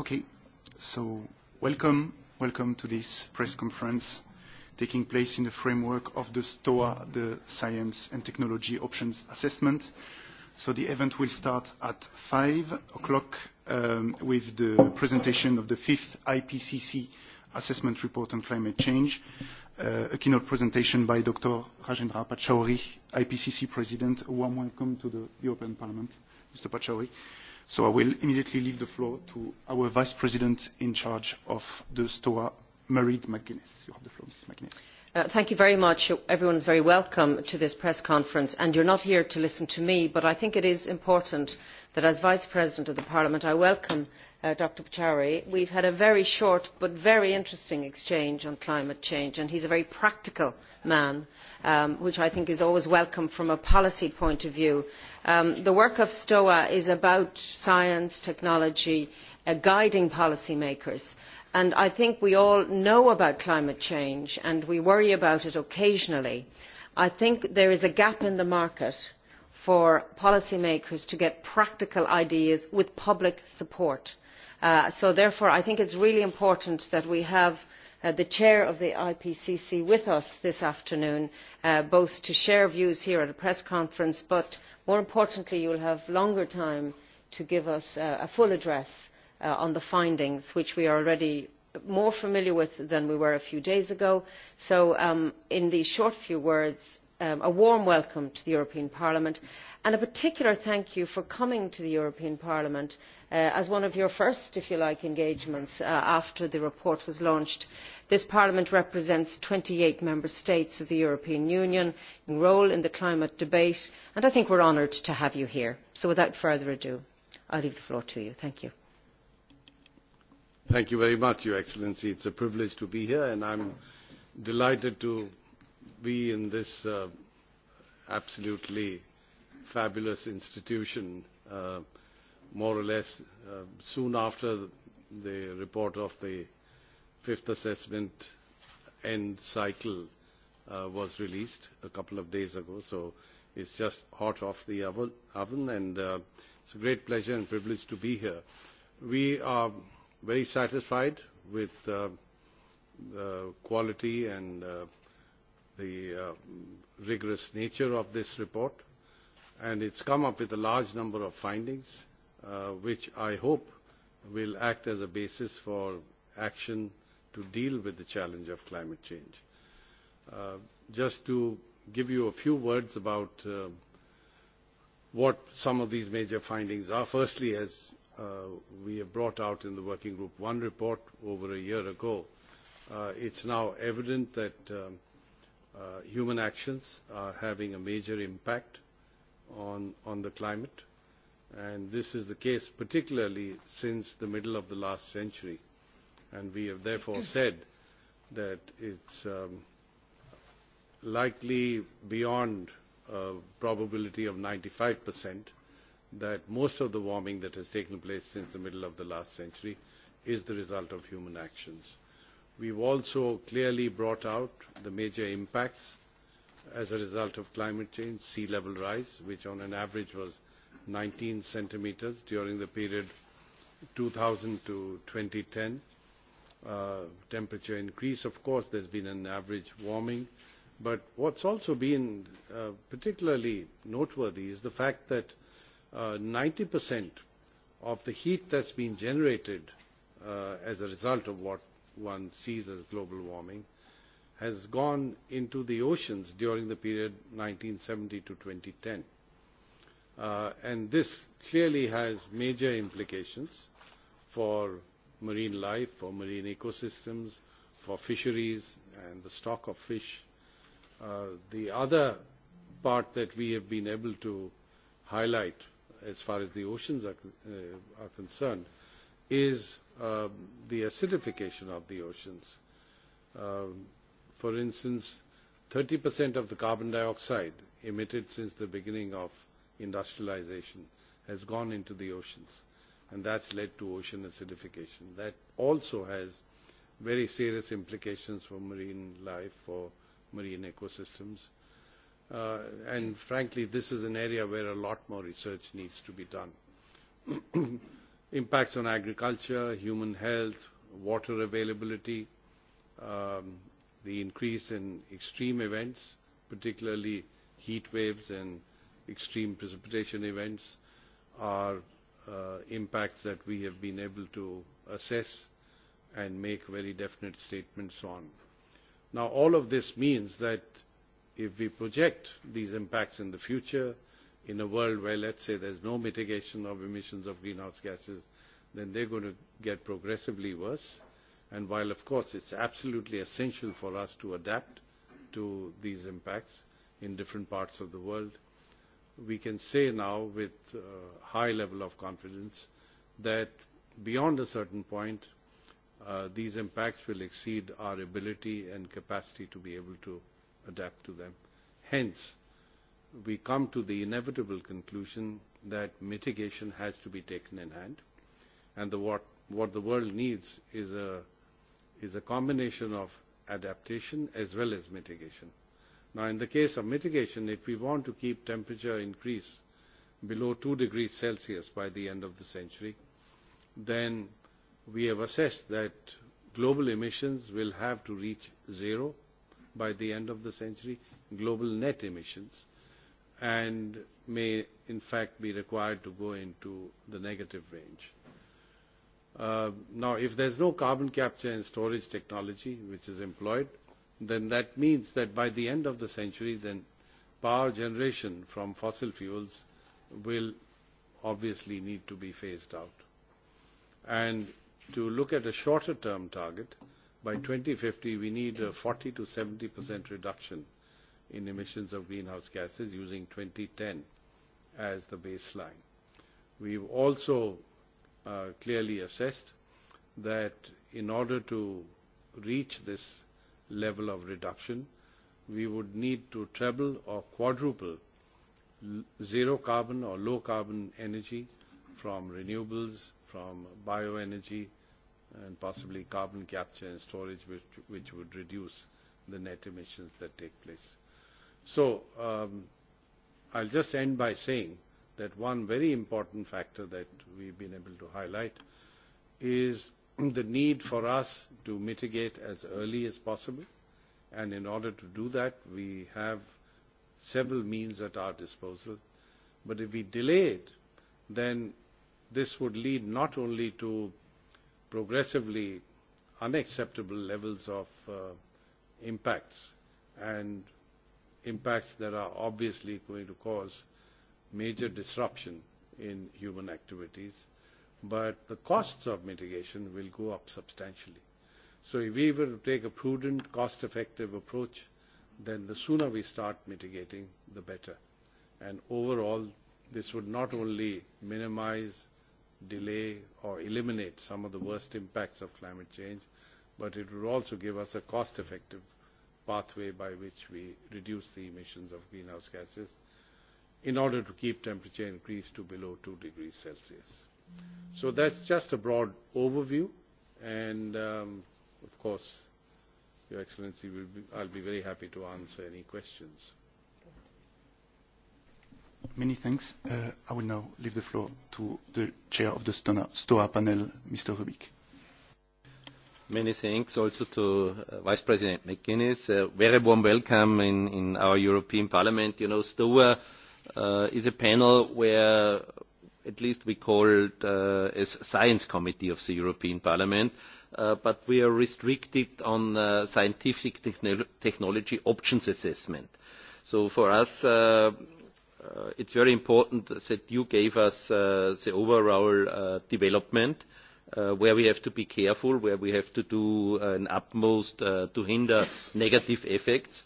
Okay, so welcome, welcome to this press conference taking place in the framework of the STOA, the Science and Technology Options Assessment. So the event will start at 5 o'clock um, with the presentation of the fifth IPCC assessment report on climate change, uh, a keynote presentation by Dr. Rajendra Pachauri, IPCC President. A warm welcome to the European Parliament, Mr. Pachauri. Uh, So I will immediately leave the floor to our Vice President in charge of the STOA, Mairead McGuinness. You have the floor, Mrs. McGuinness. Uh, thank you very much. everyone is very welcome to this press conference and you are not here to listen to me but i think it is important that as vice president of parliament i welcome uh, dr pachauri. we have had a very short but very interesting exchange on climate change and he is a very practical man um, which i think is always welcome from a policy point of view. Um, the work of stoa is about science technology uh, guiding policymakers. makers And i think we all know about climate change and we worry about it occasionally i think there is a gap in the market for policymakers to get practical ideas with public support uh, so therefore i think it is really important that we have uh, the chair of the ipcc with us this afternoon uh, both to share views here at a press conference but more importantly you will have longer time to give us uh, a full address uh, on the findings which we are already more familiar with than we were a few days ago. so um, in these short few words um, a warm welcome to the european parliament and a particular thank you for coming to the european parliament uh, as one of your first if you like engagements uh, after the report was launched. this parliament represents twenty eight member states of the european union enrolled in the climate debate and i think we are honoured to have you here. so without further ado i leave the floor to you. thank you. Thank you very much, Your Excellency. It's a privilege to be here, and I'm delighted to be in this uh, absolutely fabulous institution, uh, more or less uh, soon after the report of the fifth assessment end cycle uh, was released a couple of days ago. So it's just hot off the oven, oven and uh, it's a great pleasure and privilege to be here. We are very satisfied with uh, the quality and uh, the uh, rigorous nature of this report and it's come up with a large number of findings uh, which I hope will act as a basis for action to deal with the challenge of climate change. Uh, just to give you a few words about uh, what some of these major findings are. Firstly, as uh, we have brought out in the working group one report over a year ago, uh, it's now evident that um, uh, human actions are having a major impact on, on the climate. And this is the case particularly since the middle of the last century. And we have therefore said that it's um, likely beyond a probability of 95 percent that most of the warming that has taken place since the middle of the last century is the result of human actions. We've also clearly brought out the major impacts as a result of climate change, sea level rise, which on an average was 19 centimeters during the period 2000 to 2010. Uh, temperature increase, of course, there's been an average warming. But what's also been uh, particularly noteworthy is the fact that uh, 90% of the heat that's been generated uh, as a result of what one sees as global warming has gone into the oceans during the period 1970 to 2010. Uh, and this clearly has major implications for marine life, for marine ecosystems, for fisheries and the stock of fish. Uh, the other part that we have been able to highlight as far as the oceans are, uh, are concerned is um, the acidification of the oceans. Um, for instance, 30% of the carbon dioxide emitted since the beginning of industrialization has gone into the oceans, and that's led to ocean acidification. That also has very serious implications for marine life, for marine ecosystems, uh, and frankly this is an area where a lot more research needs to be done. Impacts on agriculture, human health, water availability, um, the increase in extreme events, particularly heat waves and extreme precipitation events are uh, impacts that we have been able to assess and make very definite statements on. Now all of this means that uh, if we project these impacts in the future in a world where, let's say, there's no mitigation of emissions of greenhouse gases, then they're going to get progressively worse. And while, of course, it's absolutely essential for us to adapt to these impacts in different parts of the world, we can say now with a uh, high level of confidence that beyond a certain point, uh, these impacts will exceed our ability and capacity to be able to uh, adapt to them. Hence, we come to the inevitable conclusion that mitigation has to be taken in hand, and the, what, what the world needs is a, is a combination of adaptation as well as mitigation. Now, in the case of mitigation, if we want to keep temperature increase below 2 degrees Celsius by the end of the century, then we have assessed that global emissions will have to reach zero by the end of the century global net emissions and may in fact be required to go into the negative range. Uh, now, if there's no carbon capture and storage technology which is employed, then that means that by the end of the century, then power generation from fossil fuels will obviously need to be phased out. And to look at a shorter term target, uh, by 2050 we need a 40 to 70 percent reduction in emissions of greenhouse gases using 2010 as the baseline. We've also uh, clearly assessed that in order to reach this level of reduction, we would need to treble or quadruple zero carbon or low carbon energy from renewables, from bioenergy, and possibly carbon capture and storage, which, which would reduce the net emissions that take place. So um, I'll just end by saying that one very important factor that we've been able to highlight is the need for us to mitigate as early as possible. And in order to do that, we have several means at our disposal. But if we delay it, then this would lead not only to progressively unacceptable levels of uh, impacts and impacts that are obviously going to cause major disruption in human activities, but the costs of mitigation will go up substantially. So if we were to take a prudent, cost-effective approach, then the sooner we start mitigating, the better. And overall, this would not only minimize delay or eliminate some of the worst impacts of climate change, but it would also give us a cost-effective pathway by which we reduce the emissions of greenhouse gases in order to keep temperature increase to below 2 degrees Celsius. So that's just a broad overview, and um, of course, Your Excellency, will be, I'll be very happy to answer any questions. Many thanks. Uh, I will now leave the floor to the chair of the STOA panel, Mr. Rubik. Many thanks also to uh, Vice President McGuinness. A uh, very warm welcome in, in our European Parliament. You know, STOA uh, is a panel where at least we call it uh, as Science Committee of the European Parliament, uh, but we are restricted on uh, scientific technolo technology options assessment. So for us, uh, uh, it's very important that you gave us uh, the overall uh, development uh, where we have to be careful, where we have to do uh, an utmost uh, to hinder negative effects.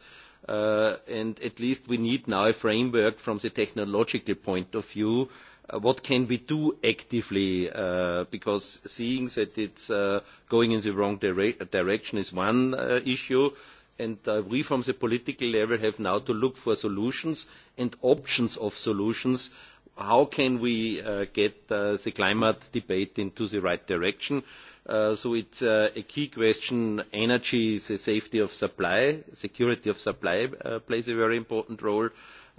Uh, and at least we need now a framework from the technological point of view. Uh, what can we do actively? Uh, because seeing that it's uh, going in the wrong dire direction is one uh, issue and uh, we from the political level have now to look for solutions and options of solutions. How can we uh, get uh, the climate debate into the right direction? Uh, so it's uh, a key question. Energy, the safety of supply, security of supply uh, plays a very important role.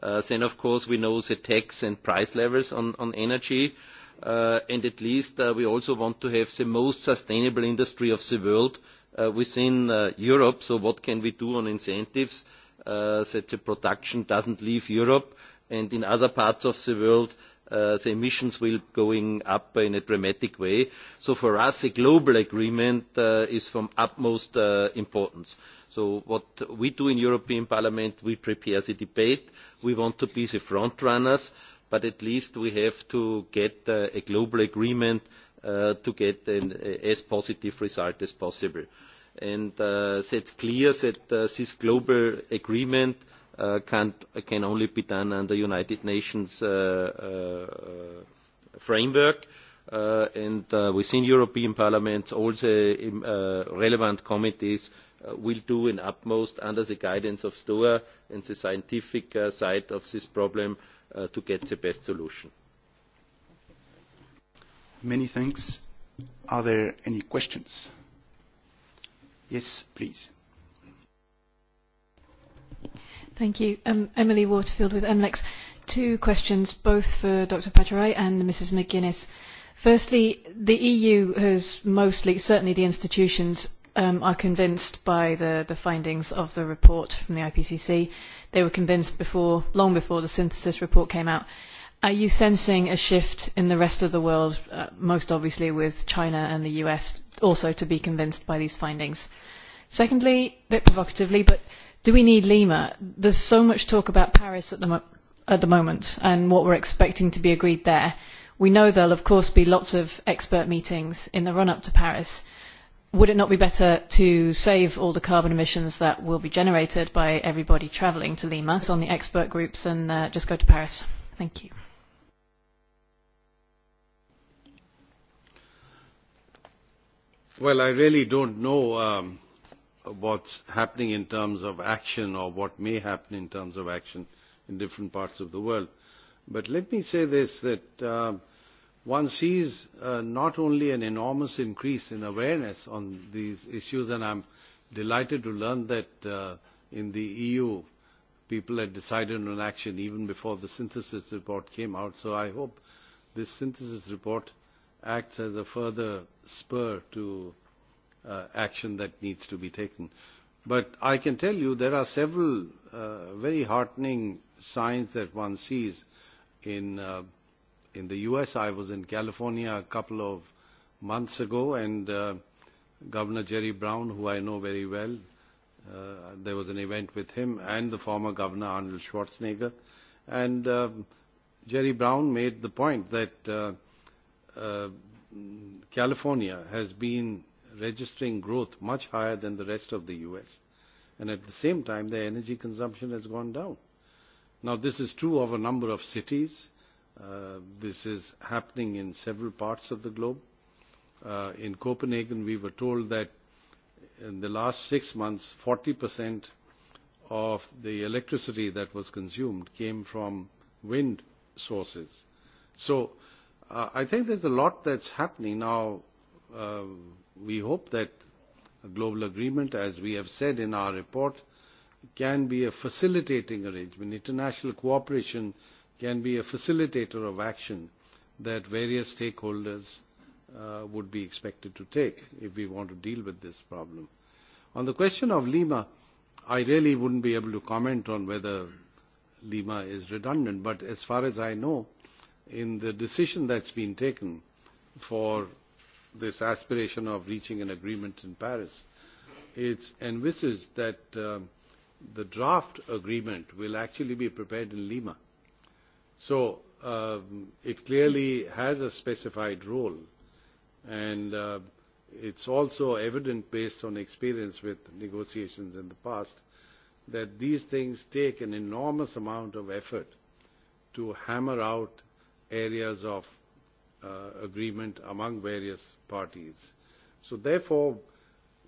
Uh, then, of course, we know the tax and price levels on, on energy. Uh, and at least uh, we also want to have the most sustainable industry of the world uh, uh, within uh, Europe. So what can we do on incentives uh, that the production doesn't leave Europe and in other parts of the world uh, the emissions will going up in a dramatic way. So for us a global agreement uh, is from utmost uh, importance. So what we do in European Parliament, we prepare the debate. We want to be the front runners, but at least we have to get uh, a global agreement uh, uh, to get an as positive result as possible. And uh, it's clear that uh, this global agreement uh, can, can only be done under United Nations uh, uh, framework. Uh, and uh, within European Parliament, all the uh, relevant committees uh, will do an utmost under the guidance of STOA and the scientific uh, side of this problem uh, to get the best solution. Many thanks. Are there any questions? Yes, please. Thank you. Um, Emily Waterfield with MLEX. Two questions, both for Dr. Pacharay and Mrs. McGuinness. Firstly, the EU has mostly, certainly the institutions, um, are convinced by the, the findings of the report from the IPCC. They were convinced before, long before the synthesis report came out. Uh, Are you sensing a shift in the rest of the world, uh, most obviously with China and the US, also to be convinced by these findings? Secondly, a bit provocatively, but do we need Lima? There's so much talk about Paris at the, mo- at the moment and what we're expecting to be agreed there. We know there'll, of course, be lots of expert meetings in the run-up to Paris. Would it not be better to save all the carbon emissions that will be generated by everybody travelling to Lima, so on the expert groups, and uh, just go to Paris? Thank you. Well, I really don't know um, what's happening in terms of action or what may happen in terms of action in different parts of the world. But let me say this, that um, one sees uh, not only an enormous increase in awareness on these issues, and I'm delighted to learn that uh, in the EU people had decided on action even before the synthesis report came out. So I hope this synthesis report uh, acts as a further spur to uh, action that needs to be taken. But I can tell you there are several uh, very heartening signs that one sees. In, uh, in the US, I was in California a couple of months ago, and uh, Governor Jerry Brown, who I know very well, uh, there was an event with him and the former governor Arnold Schwarzenegger. And um, Jerry Brown made the point that uh, uh, California has been registering growth much higher than the rest of the U.S. And at the same time, their energy consumption has gone down. Now, this is true of a number of cities. Uh, this is happening in several parts of the globe. Uh, in Copenhagen, we were told that in the last six months, 40% of the electricity that was consumed came from wind sources. So, uh, Uh, I think there's a lot that's happening now. Uh, we hope that a global agreement, as we have said in our report, can be a facilitating arrangement. International cooperation can be a facilitator of action that various stakeholders uh, would be expected to take if we want to deal with this problem. On the question of Lima, I really wouldn't be able to comment on whether Lima is redundant, but as far as I know, in the decision that's been taken for this aspiration of reaching an agreement in Paris, it's envisaged that um, the draft agreement will actually be prepared in Lima. So um, it clearly has a specified role, and uh, it's also evident based on experience with negotiations in the past that these things take an enormous amount of effort to hammer out areas of uh, agreement among various parties. So therefore,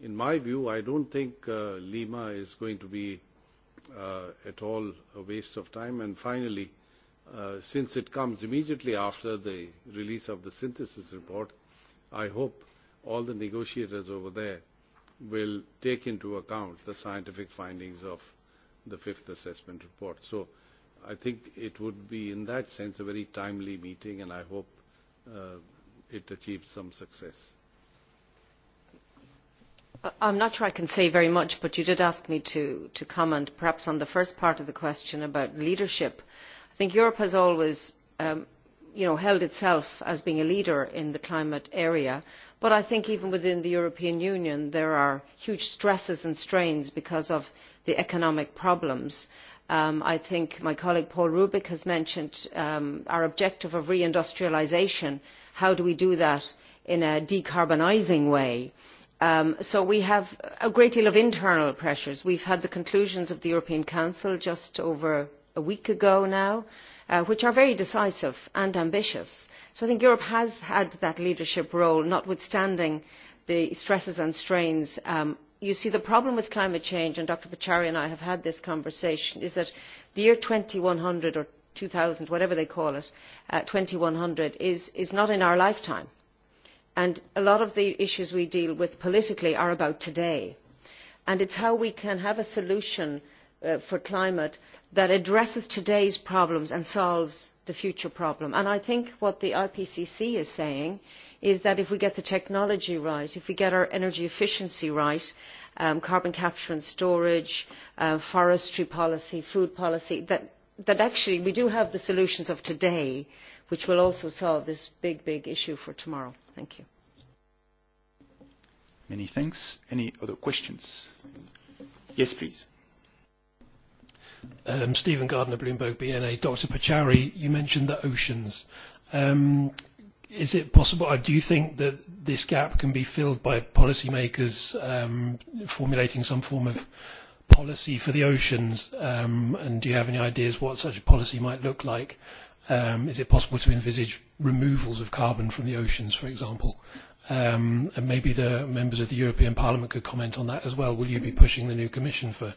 in my view, I don't think uh, Lima is going to be uh, at all a waste of time. And finally, uh, since it comes immediately after the release of the synthesis report, I hope all the negotiators over there will take into account the scientific findings of the fifth assessment report. So I think it would be, in that sense, a very timely meeting, and I hope uh, it achieves some success. I'm not sure I can say very much, but you did ask me to, to comment perhaps on the first part of the question about leadership. I think Europe has always um, you know, held itself as being a leader in the climate area, but I think even within the European Union there are huge stresses and strains because of the economic problems. Uh, Um, I think my colleague Paul Rubik has mentioned um, our objective of reindustrialisation. How do we do that in a decarbonising way? Um, so we have a great deal of internal pressures. We've had the conclusions of the European Council just over a week ago now, uh, which are very decisive and ambitious. So I think Europe has had that leadership role, notwithstanding the stresses and strains um, you see the problem with climate change and dr pachauri and i have had this conversation is that the year two thousand one hundred or two thousand whatever they call it uh, two one hundred is not in our lifetime and a lot of the issues we deal with politically are about today and it is how we can have a solution uh, for climate that addresses today's problems and solves the future problem. And I think what the IPCC is saying is that if we get the technology right, if we get our energy efficiency right, um, carbon capture and storage, uh, forestry policy, food policy, that, that actually we do have the solutions of today, which will also solve this big, big issue for tomorrow. Thank you. Many thanks. Any other questions? Yes, please. Um, Stephen Gardner, Bloomberg BNA. Dr. Pachari, you mentioned the oceans. Um, is it possible, or do you think that this gap can be filled by policymakers um, formulating some form of policy for the oceans? Um, and do you have any ideas what such a policy might look like? Um, is it possible to envisage removals of carbon from the oceans, for example? Um, and maybe the members of the European Parliament could comment on that as well. Will you be pushing the new Commission for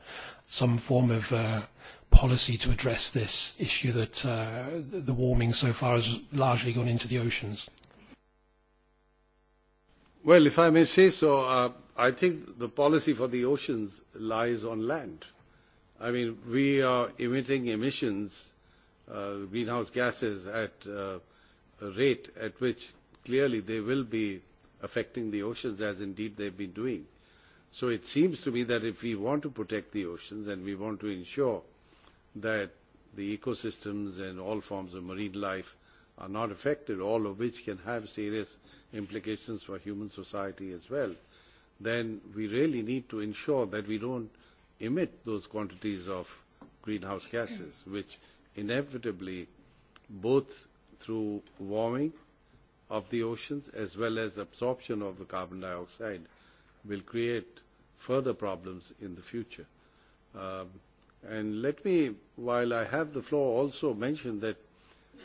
some form of uh, policy to address this issue that uh, the warming so far has largely gone into the oceans? Well, if I may say so, uh, I think the policy for the oceans lies on land. I mean, we are emitting emissions, uh, greenhouse gases, at uh, a rate at which clearly they will be affecting the oceans, as indeed they've been doing. So it seems to me that if we want to protect the oceans and we want to ensure that the ecosystems and all forms of marine life are not affected, all of which can have serious implications for human society as well, then we really need to ensure that we don't emit those quantities of greenhouse gases, which inevitably, both through warming of the oceans as well as absorption of the carbon dioxide will create further problems in the future. Um, and let me, while I have the floor, also mention that,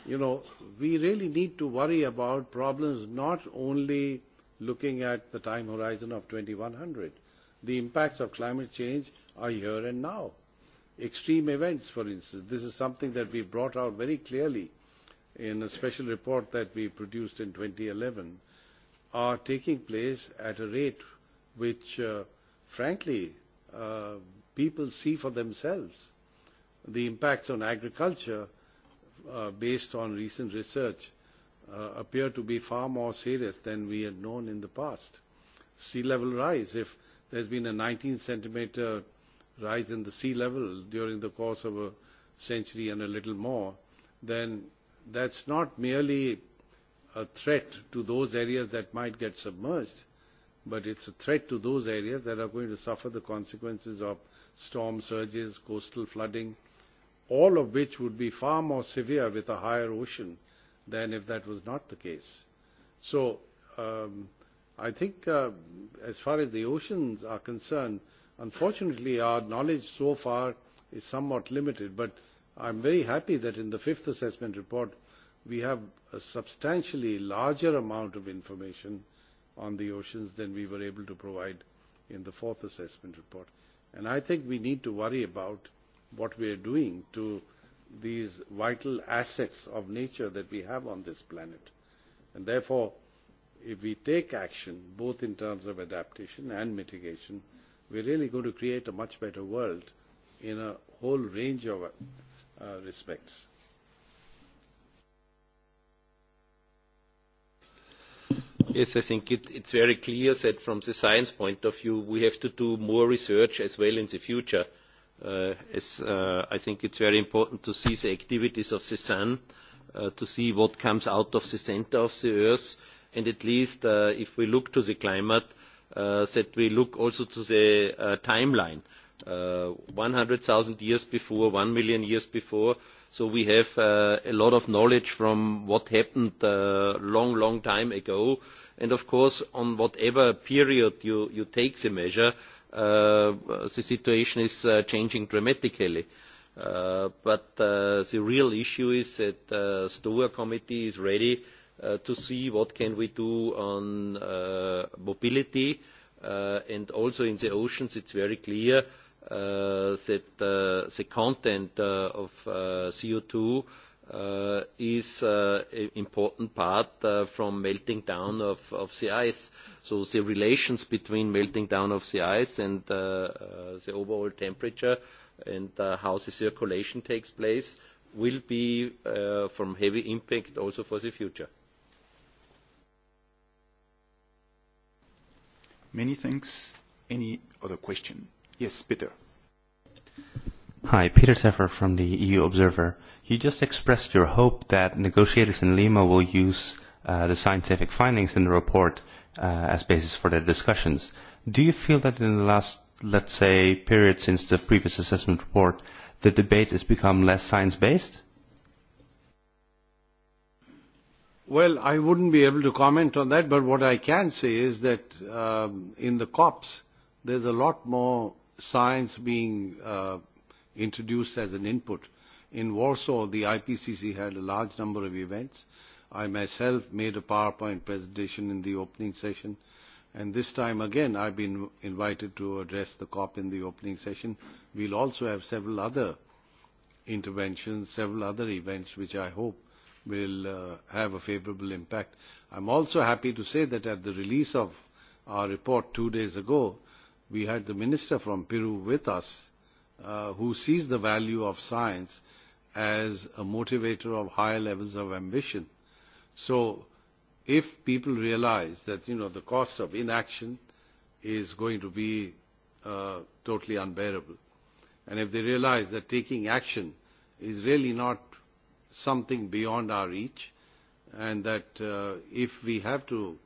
you know, we really need to worry about problems not only looking at the time horizon of 2100. The impacts of climate change are here and now. Extreme events, for instance, this is something that we brought out very clearly uh, in a special report that we produced in 2011 are taking place at a rate which, uh, frankly, uh, people see for themselves. The impacts on agriculture, uh, based on recent research, uh, appear to be far more serious than we had known in the past. Sea level rise, if there's been a 19 centimeter rise in the sea level during the course of a century and a little more, then that's not merely a threat to those areas that might get submerged, but it's a threat to those areas that are going to suffer the consequences of storm surges, coastal flooding, all of which would be far more severe with a higher ocean than if that was not the case. So um, I think uh, as far as the oceans are concerned, unfortunately our knowledge so far is somewhat limited, but I am very happy that in the fifth assessment report we have a substantially larger amount of information on the oceans than we were able to provide in the fourth assessment report. And I think we need to worry about what we are doing to these vital assets of nature that we have on this planet. And therefore, if we take action, both in terms of adaptation and mitigation, we're really going to create a much better world in a whole range of uh, respects. Yes, I think it, it's very clear that from the science point of view, we have to do more research as well in the future. Uh, as, uh, I think it's very important to see the activities of the sun, uh, to see what comes out of the center of the earth, and at least uh, if we look to the climate, uh, that we look also to the uh, timeline uh, 100,000 years before, 1 million years before. So we have uh, a lot of knowledge from what happened uh, long, long time ago. And of course, on whatever period you, you take the measure, uh, the situation is uh, changing dramatically. Uh, but uh, the real issue is that uh, STOA committee is ready uh, to see what can we do on uh, mobility uh, and also in the oceans it's very clear uh, uh, that uh, the content uh, of uh, CO2 uh, is uh, an important part uh, from melting down of, of the ice. So the relations between melting down of the ice and uh, uh, the overall temperature and uh, how the circulation takes place will be uh, from heavy impact also for the future. Many thanks. Any other question? Yes, Peter. Hi, Peter Seffer from the EU Observer. You just expressed your hope that negotiators in Lima will use uh, the scientific findings in the report uh, as basis for their discussions. Do you feel that in the last, let's say, period since the previous assessment report, the debate has become less science-based? Well, I wouldn't be able to comment on that, but what I can say is that um, in the COPs, there's a lot more science being uh, introduced as an input. In Warsaw, the IPCC had a large number of events. I myself made a PowerPoint presentation in the opening session, and this time again I've been invited to address the COP in the opening session. We'll also have several other interventions, several other events which I hope will uh, have a favorable impact. I'm also happy to say that at the release of our report two days ago, we had the minister from Peru with us uh, who sees the value of science as a motivator of higher levels of ambition. So if people realize that, you know, the cost of inaction is going to be uh, totally unbearable, and if they realize that taking action is really not something beyond our reach, and that uh, if we have to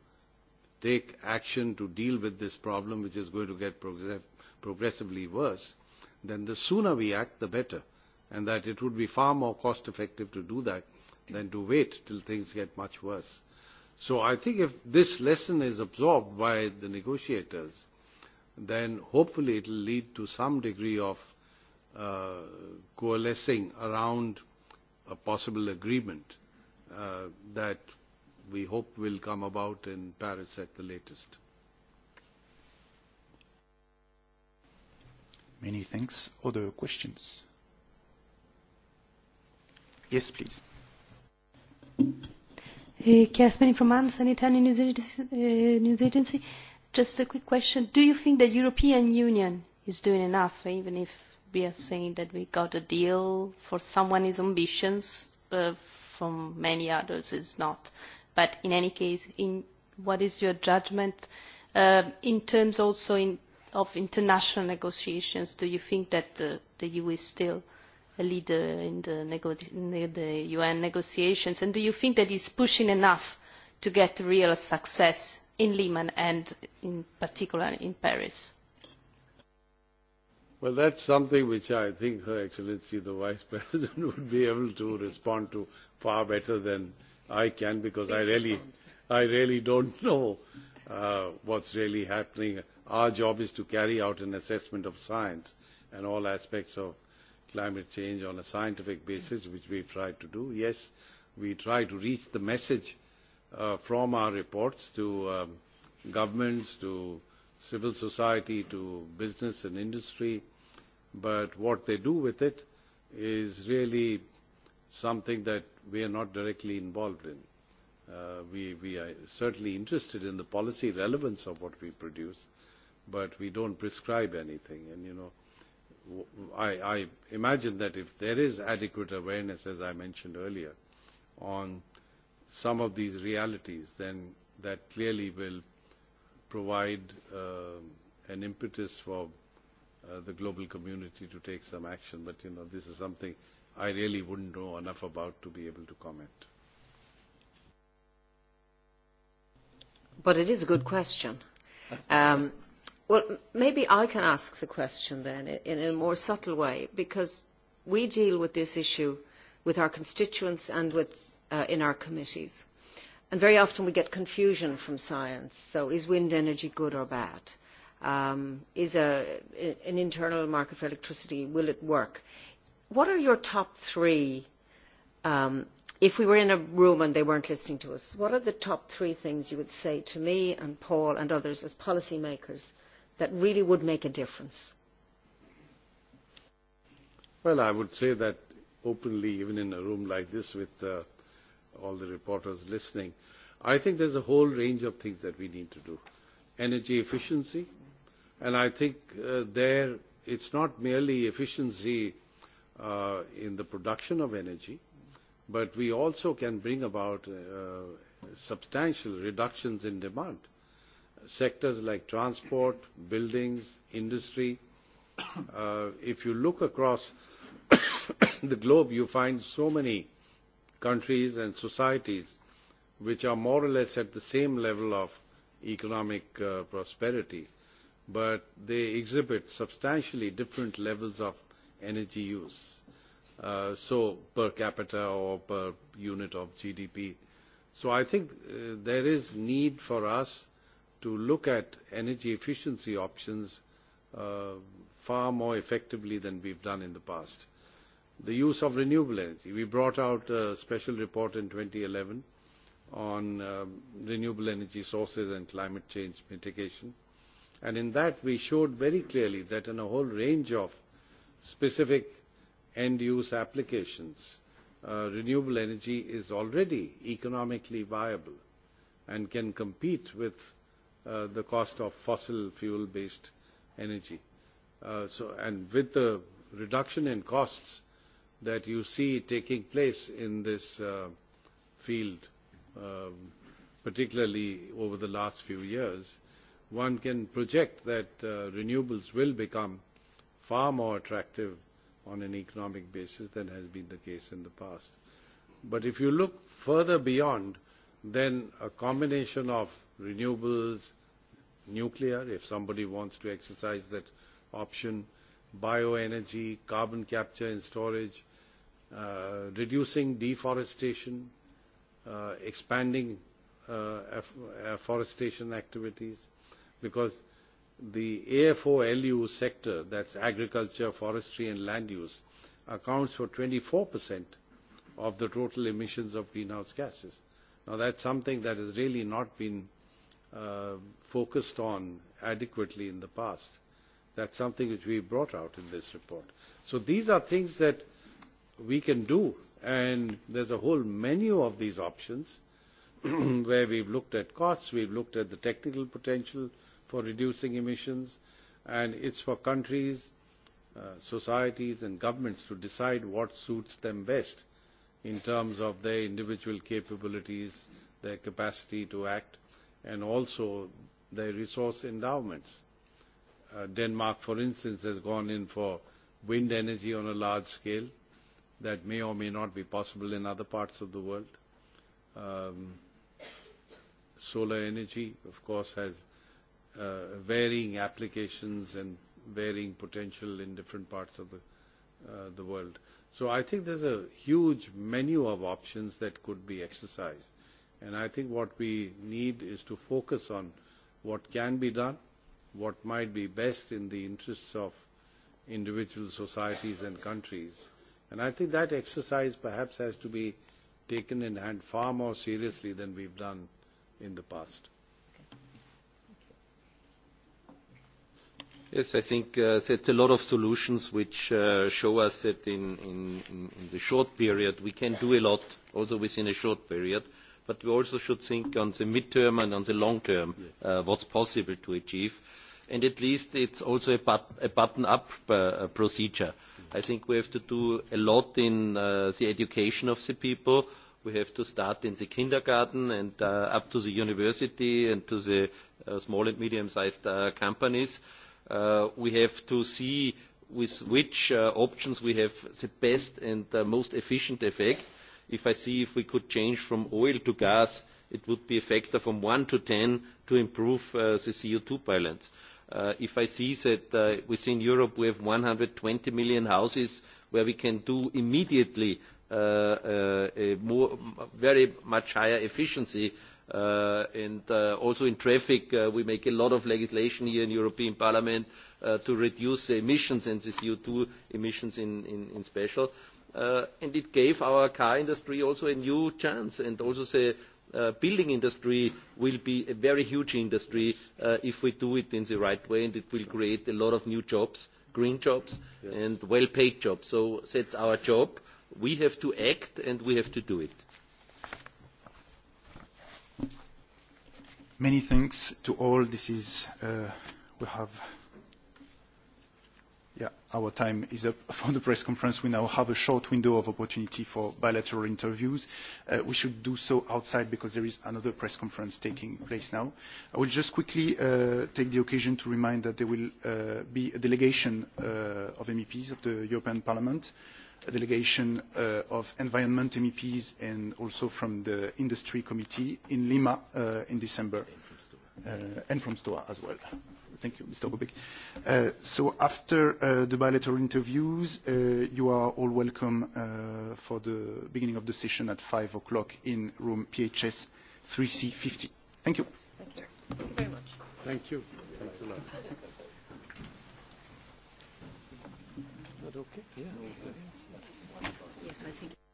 take action to deal with this problem, which is going to get progress progressively worse, then the sooner we act, the better. And that it would be far more cost effective to do that than to wait till things get much worse. So I think if this lesson is absorbed by the negotiators, then hopefully it will lead to some degree of uh, coalescing around a possible agreement uh, that we hope will come about in Paris at the latest. Many thanks. Other questions? Yes, please. Hey, Kasmani from ANSA, an Italian news agency, uh, news agency. Just a quick question. Do you think the European Union is doing enough, even if we are saying that we got a deal for someone his ambitions uh, from many others is not? but in any case in what is your judgment uh, in terms also in, of international negotiations do you think that the, the EU is still a leader in the, nego the UN negotiations and do you think that it's pushing enough to get real success in Lehman and in particular in Paris? Well, that's something which I think Her Excellency the Vice President would be able to respond to far better than uh, I can because Please I really, respond. I really don't know uh, what's really happening. Our job is to carry out an assessment of science and all aspects of climate change on a scientific basis, which we've tried to do. Yes, we try to reach the message uh, from our reports to um, governments, to civil society, to business and industry, but what they do with it is really something that we are not directly involved in. Uh, we, we are certainly interested in the policy relevance of what we produce, but we don't prescribe anything. And, you know, I, I imagine that if there is adequate awareness, as I mentioned earlier, on some of these realities, then that clearly will provide uh, an impetus for uh, the global community to take some action. But, you know, this is something I really wouldn't know enough about to be able to comment. But it is a good question. Um, well, maybe I can ask the question then in a more subtle way, because we deal with this issue with our constituents and with, uh, in our committees. And very often we get confusion from science. So is wind energy good or bad? Um, is a, an internal market for electricity, will it work? what are your top three um, if we were in a room and they weren't listening to us, what are the top three things you would say to me and Paul and others as policymakers that really would make a difference? Well, I would say that openly, even in a room like this with uh, all the reporters listening, I think there's a whole range of things that we need to do. Energy efficiency, and I think uh, there it's not merely efficiency uh, uh, in the production of energy, but we also can bring about uh, substantial reductions in demand. Sectors like transport, buildings, industry. Uh, if you look across the globe, you find so many countries and societies which are more or less at the same level of economic uh, prosperity, but they exhibit substantially different levels of energy use. Uh, so per capita or per unit of GDP. So I think uh, there is need for us to look at energy efficiency options uh, far more effectively than we've done in the past. The use of renewable energy. We brought out a special report in 2011 on um, renewable energy sources and climate change mitigation. And in that, we showed very clearly that in a whole range of specific end use applications, uh, renewable energy is already economically viable and can compete with uh, the cost of fossil fuel based energy. Uh, so, and with the reduction in costs that you see taking place in this uh, field, um, particularly over the last few years, one can project that uh, renewables will become far more attractive on an economic basis than has been the case in the past. But if you look further beyond, then a combination of renewables, nuclear, if somebody wants to exercise that option, bioenergy, carbon capture and storage, uh, reducing deforestation, uh, expanding uh, afforestation activities, because the AFOLU sector, that's agriculture, forestry and land use, accounts for 24% of the total emissions of greenhouse gases. Now that's something that has really not been uh, focused on adequately in the past. That's something which we brought out in this report. So these are things that we can do and there's a whole menu of these options where we've looked at costs, we've looked at the technical potential, uh, for reducing emissions and it is for countries uh, societies and governments to decide what suits them best in terms of their individual capabilities their capacity to act and also their resource endowments. Uh, denmark for instance has gone in for wind energy on a large scale that may or may not be possible in other parts of the world. Um, solar energy of course has uh, varying applications and varying potential in different parts of the, uh, the world. So I think there's a huge menu of options that could be exercised. And I think what we need is to focus on what can be done, what might be best in the interests of individual societies and countries. And I think that exercise perhaps has to be taken in hand far more seriously than we've done in the past. Yes, I think uh, that's a lot of solutions which uh, show us that in, in, in the short period we can do a lot, also within a short period, but we also should think on the midterm and on the long term yes. uh, what's possible to achieve. And at least it's also a, but, a button-up uh, uh procedure. Mm-hmm. I think we have to do a lot in uh, the education of the people, we have to start in the kindergarten and uh, up to the university and to the uh, small and medium-sized uh, companies. Uh, uh, we have to see with which uh, options we have the best and uh, most efficient effect. If I see if we could change from oil to gas, it would be a factor from 1 to 10 to improve uh, the CO2 balance. Uh, if I see that uh, within Europe we have 120 million houses where we can do immediately uh, uh, a more, very much higher efficiency uh, Uh, and uh, also in traffic, uh, we make a lot of legislation here in European Parliament uh, to reduce the emissions and the CO2 emissions in, in, in special. Uh, and it gave our car industry also a new chance and also the uh, building industry will be a very huge industry uh, if we do it in the right way and it will create a lot of new jobs, green jobs yeah. and well-paid jobs. So that's our job. We have to act and we have to do it. Many thanks to all. This is, uh, we have, yeah, our time is up for the press conference. We now have a short window of opportunity for bilateral interviews. Uh, we should do so outside because there is another press conference taking place now. I will just quickly uh, take the occasion to remind that there will uh, be a delegation uh, of MEPs of the European Parliament uh, a delegation uh, of environment MEPs and also from the industry committee in Lima uh, in December uh, and from STOA as well. Thank you, Mr. Rubik. Uh, so after uh, the bilateral interviews, uh, you are all welcome uh, for the beginning of the session at 5 o'clock in room PHS 3C50. Thank you. Thank you. Thank you very much. Thank you. Thanks a lot. okay? Yeah. Yes, I think.